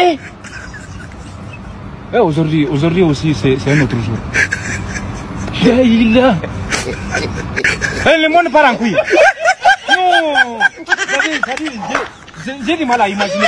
Eh! Eh, aujourd'hui, aujourd'hui aussi, c'est un autre jour. Eh, le monde part en couille. Non J'ai du mal à imaginer.